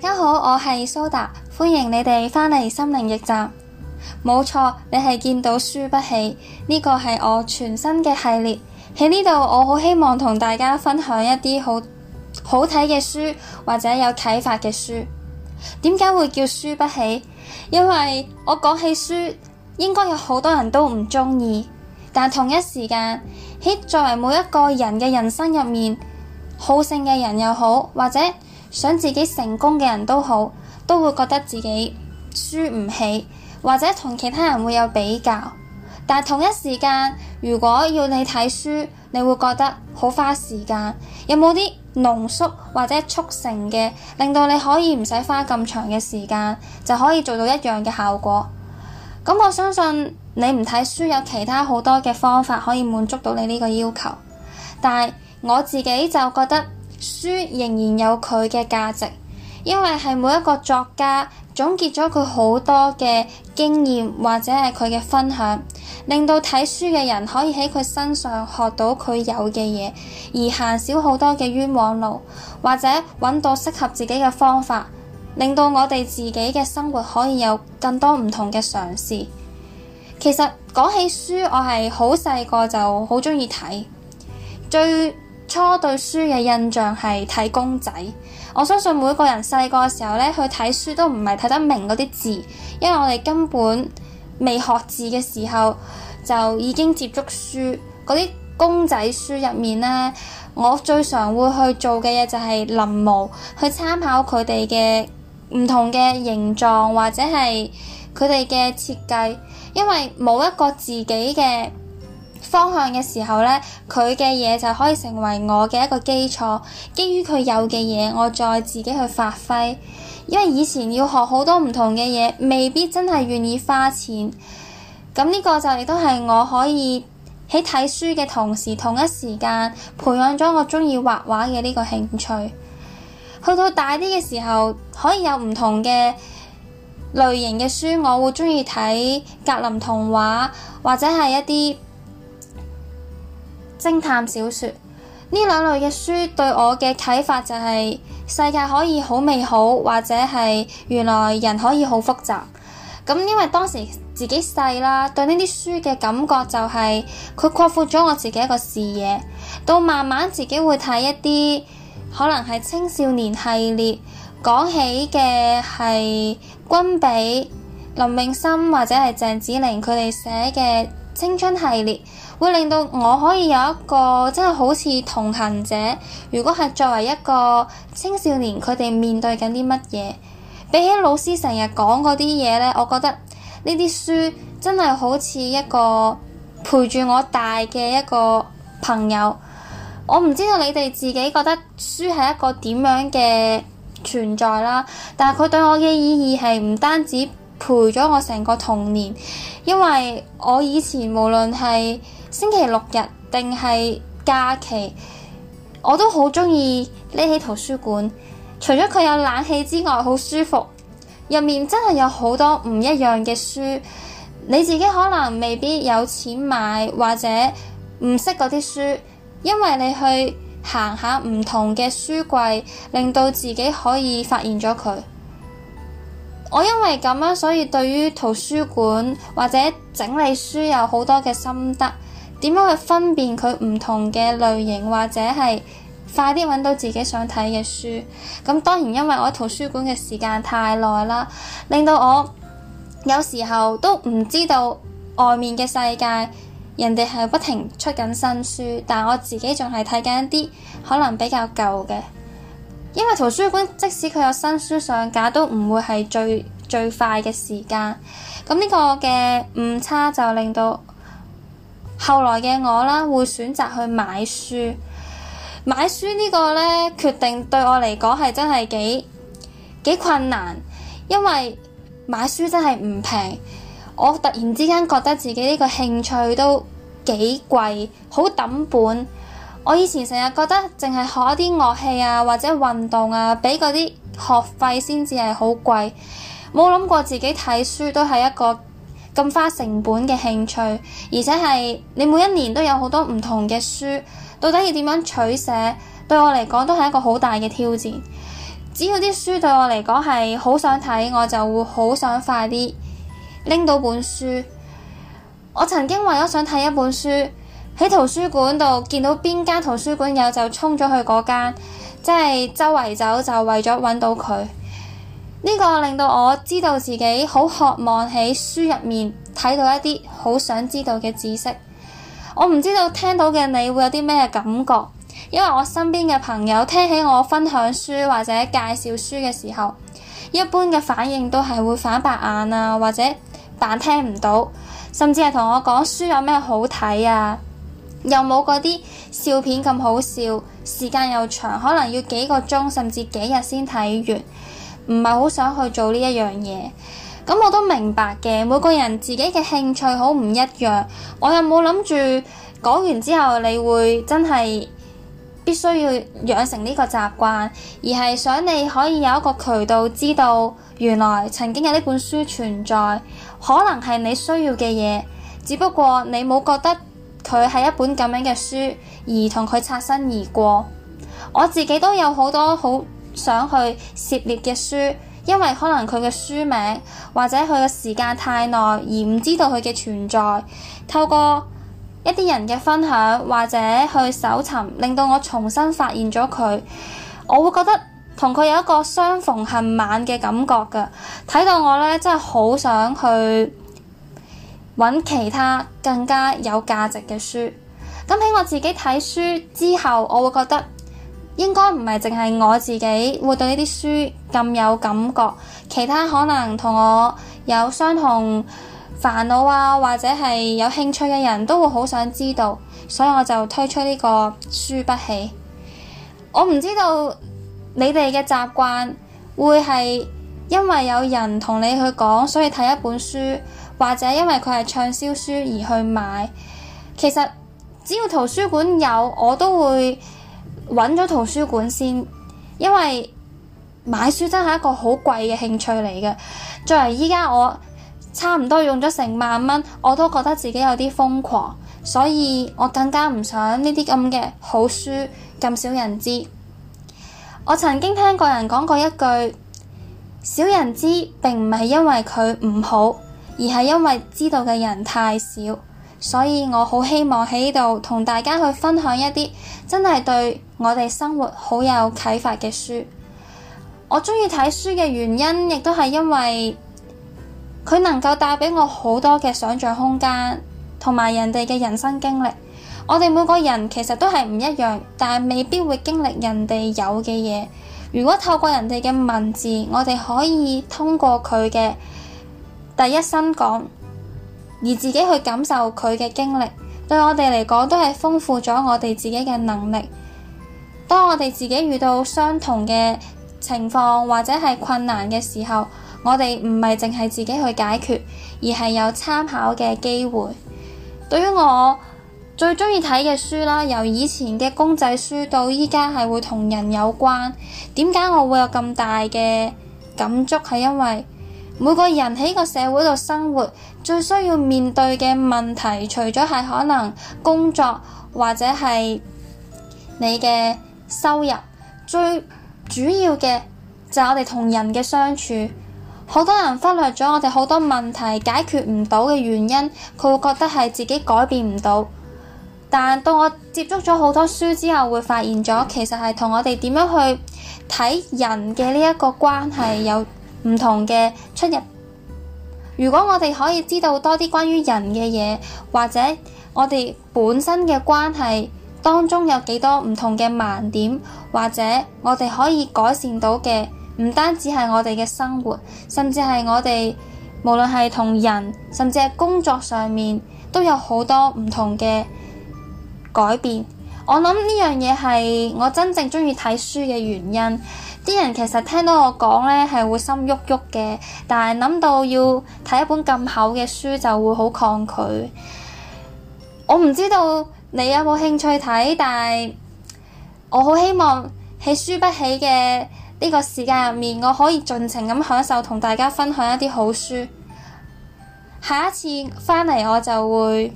大家好，我係蘇達，歡迎你哋返嚟心靈驛站。冇錯，你係見到書不喜呢個係我全新嘅系列。喺呢度，我好希望同大家分享一啲好好睇嘅書或者有啟發嘅書。點解會叫書不喜？因為我講起書，應該有好多人都唔中意，但同一時間喺作為每一個人嘅人生入面，好勝嘅人又好或者。想自己成功嘅人都好，都會覺得自己輸唔起，或者同其他人會有比較。但係同一時間，如果要你睇書，你會覺得好花時間。有冇啲濃縮或者速成嘅，令到你可以唔使花咁長嘅時間，就可以做到一樣嘅效果？咁我相信你唔睇書有其他好多嘅方法可以滿足到你呢個要求。但係我自己就覺得。書仍然有佢嘅價值，因為係每一個作家總結咗佢好多嘅經驗或者係佢嘅分享，令到睇書嘅人可以喺佢身上學到佢有嘅嘢，而行少好多嘅冤枉路，或者揾到適合自己嘅方法，令到我哋自己嘅生活可以有更多唔同嘅嘗試。其實講起書，我係好細個就好中意睇，最初對書嘅印象係睇公仔，我相信每個人細個嘅時候呢，去睇書都唔係睇得明嗰啲字，因為我哋根本未學字嘅時候就已經接觸書。嗰啲公仔書入面呢，我最常會去做嘅嘢就係臨摹，去參考佢哋嘅唔同嘅形狀或者係佢哋嘅設計，因為冇一個自己嘅。方向嘅時候呢，佢嘅嘢就可以成為我嘅一個基礎。基於佢有嘅嘢，我再自己去發揮。因為以前要學好多唔同嘅嘢，未必真係願意花錢。咁呢個就亦都係我可以喺睇書嘅同時，同一時間培養咗我中意畫畫嘅呢個興趣。去到大啲嘅時候，可以有唔同嘅類型嘅書，我會中意睇格林童話，或者係一啲偵探小說，呢兩類嘅書對我嘅啟發就係世界可以好美好，或者係原來人可以好複雜。咁、嗯、因為當時自己細啦，對呢啲書嘅感覺就係佢擴闊咗我自己一個視野。到慢慢自己會睇一啲可能係青少年系列，講起嘅係君比、林詠琛，或者係鄭子玲，佢哋寫嘅。青春系列會令到我可以有一個真係好似同行者。如果係作為一個青少年，佢哋面對緊啲乜嘢，比起老師成日講嗰啲嘢呢，我覺得呢啲書真係好似一個陪住我大嘅一個朋友。我唔知道你哋自己覺得書係一個點樣嘅存在啦，但係佢對我嘅意義係唔單止。陪咗我成個童年，因為我以前無論係星期六日定係假期，我都好鍾意匿喺圖書館。除咗佢有冷氣之外，好舒服。入面真係有好多唔一樣嘅書，你自己可能未必有錢買或者唔識嗰啲書，因為你去行下唔同嘅書櫃，令到自己可以發現咗佢。我因為咁樣，所以對於圖書館或者整理書有好多嘅心得。點樣去分辨佢唔同嘅類型，或者係快啲揾到自己想睇嘅書？咁當然，因為我喺圖書館嘅時間太耐啦，令到我有時候都唔知道外面嘅世界，人哋係不停出緊新書，但我自己仲係睇緊一啲可能比較舊嘅。因為圖書館即使佢有新書上架，都唔會係最最快嘅時間。咁呢個嘅誤差就令到後來嘅我啦，會選擇去買書。買書個呢個咧決定對我嚟講係真係幾幾困難，因為買書真係唔平。我突然之間覺得自己呢個興趣都幾貴，好抌本。我以前成日覺得淨係學一啲樂器啊，或者運動啊，畀嗰啲學費先至係好貴，冇諗過自己睇書都係一個咁花成本嘅興趣，而且係你每一年都有好多唔同嘅書，到底要點樣取捨？對我嚟講都係一個好大嘅挑戰。只要啲書對我嚟講係好想睇，我就會好想快啲拎到本書。我曾經為咗想睇一本書。喺圖書館度見到邊間圖書館有就衝咗去嗰間，即係周圍走就為咗揾到佢。呢個令到我知道自己好渴望喺書入面睇到一啲好想知道嘅知識。我唔知道聽到嘅你會有啲咩感覺，因為我身邊嘅朋友聽起我分享書或者介紹書嘅時候，一般嘅反應都係會反白眼啊，或者扮聽唔到，甚至係同我講書有咩好睇啊。又冇嗰啲笑片咁好笑，時間又長，可能要幾個鐘甚至幾日先睇完，唔係好想去做呢一樣嘢。咁我都明白嘅，每個人自己嘅興趣好唔一樣。我又冇諗住講完之後你會真係必須要養成呢個習慣，而係想你可以有一個渠道知道原來曾經有呢本書存在，可能係你需要嘅嘢，只不過你冇覺得。佢係一本咁樣嘅書，而同佢擦身而過。我自己都有好多好想去涉獵嘅書，因為可能佢嘅書名或者佢嘅時間太耐，而唔知道佢嘅存在。透過一啲人嘅分享或者去搜尋，令到我重新發現咗佢。我會覺得同佢有一個相逢恨晚嘅感覺㗎，睇到我呢真係好想去。揾其他更加有價值嘅書。咁喺我自己睇書之後，我會覺得應該唔係淨係我自己會對呢啲書咁有感覺，其他可能同我有相同煩惱啊，或者係有興趣嘅人都會好想知道，所以我就推出呢個「書不喜」。我唔知道你哋嘅習慣會係因為有人同你去講，所以睇一本書。或者因為佢係暢銷書而去買，其實只要圖書館有，我都會揾咗圖書館先。因為買書真係一個好貴嘅興趣嚟嘅。作為而家我差唔多用咗成萬蚊，我都覺得自己有啲瘋狂，所以我更加唔想呢啲咁嘅好書咁少人知。我曾經聽過人講過一句：少人知並唔係因為佢唔好。而係因為知道嘅人太少，所以我好希望喺呢度同大家去分享一啲真係對我哋生活好有啟發嘅書。我鍾意睇書嘅原因，亦都係因為佢能夠帶俾我好多嘅想像空間，同埋人哋嘅人生經歷。我哋每個人其實都係唔一樣，但係未必會經歷人哋有嘅嘢。如果透過人哋嘅文字，我哋可以通過佢嘅。第一身講，而自己去感受佢嘅經歷，對我哋嚟講都係豐富咗我哋自己嘅能力。當我哋自己遇到相同嘅情況或者係困難嘅時候，我哋唔係淨係自己去解決，而係有參考嘅機會。對於我最中意睇嘅書啦，由以前嘅公仔書到依家係會同人有關。點解我會有咁大嘅感觸？係因為。每個人喺個社會度生活，最需要面對嘅問題，除咗係可能工作或者係你嘅收入，最主要嘅就係我哋同人嘅相處。好多人忽略咗我哋好多問題解決唔到嘅原因，佢會覺得係自己改變唔到。但到我接觸咗好多書之後，會發現咗其實係同我哋點樣去睇人嘅呢一個關係有。唔同嘅出入。如果我哋可以知道多啲關於人嘅嘢，或者我哋本身嘅關係當中有幾多唔同嘅盲點，或者我哋可以改善到嘅，唔單止係我哋嘅生活，甚至係我哋無論係同人，甚至係工作上面，都有好多唔同嘅改變。我諗呢樣嘢係我真正鍾意睇書嘅原因。啲人其實聽到我講呢係會心郁郁嘅，但係諗到要睇一本咁厚嘅書就會好抗拒。我唔知道你有冇興趣睇，但係我好希望喺書不喜」嘅呢個時間入面，我可以盡情咁享受同大家分享一啲好書。下一次翻嚟我就會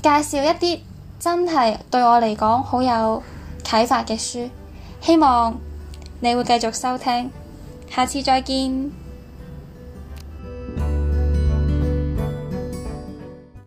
介紹一啲。真係對我嚟講好有啟發嘅書，希望你會繼續收聽，下次再見。